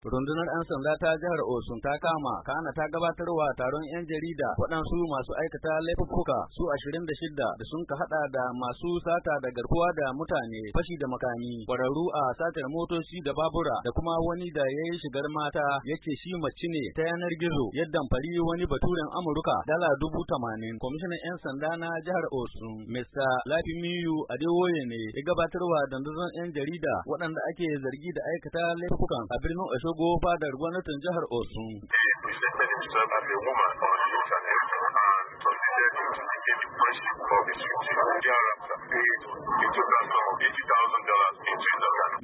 Rundunar 'yan sanda ta jihar Osun ta kama kana ta gabatarwa taron 'yan jarida waɗansu masu aikata laifuffuka su ashirin da sun ka haɗa da masu sata da garkuwa da mutane fashi da makami kwararru a satar motoci da babura da kuma wani da ya yi shigar mata yake shi mace ne ta yanar gizo yadda fari wani baturen Amurka dala dubu tamanin kwamishinan 'yan sanda na jihar Osun Mr. Lafimiyu Adewoye ne ya gabatarwa dandazon 'yan jarida waɗanda ake zargi da aikata laifukan a birnin Osun shigo fadar gwamnatin jihar Osun. Eh,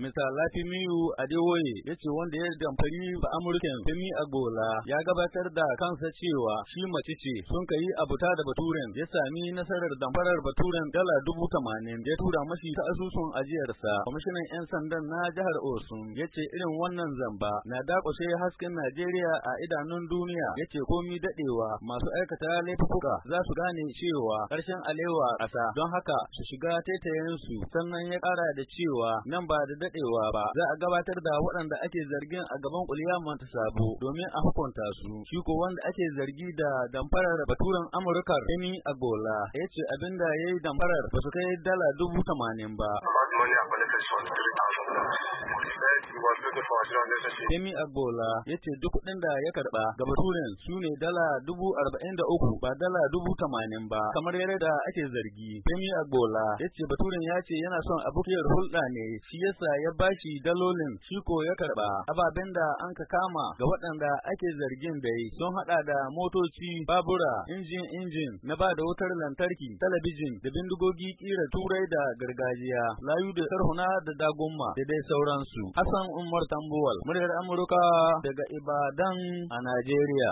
Mr. Lafimiyu Adewoye ya ce wanda ya damfari ba Amurken a gola ya gabatar da kansa cewa shi mace ce sun ka yi abuta da baturen ya sami nasarar damfarar baturen dala dubu tamanin ya tura mashi ta asusun ajiyarsa. Kwamishinan 'yan sandan na jihar Osun ya ce irin wannan zamba na dakushe hasken Najeriya a idanun duniya ya ce komi daɗewa masu aikata laifuka za su gane cewa ƙarshen alewa ƙasa don haka su shiga taitayensu sannan ya ƙara da cewa nan ba da daɗewa ba za a gabatar da waɗanda ake zargin a gaban ta sabo domin a hukunta su shi ko wanda ake zargi da damfarar baturen amurkar emi agola ya ce abinda ya yi damfarar ba su kai dala dubu tamanin ba Kemi Agbola ya ce duk kuɗin da ya karɓa ga Baturin su ne dala dubu arba'in da uku ba dala dubu tamanin ba kamar yare da ake zargi. Kemi Agbola ya ce Baturen ya ce yana son abokiyar hulɗa ne shi yasa ya bashi dalolin shi ko ya karɓa. Ababen da an ka kama ga waɗanda ake zargin da sun haɗa da motoci, babura, injin injin na ba da wutar lantarki, talabijin da bindigogi ƙira turai da gargajiya, layu da sarhuna da dagumma da dai sauransu. Hassan Umar Tambuwal, muryar Amurka daga Ibadan a Najeriya.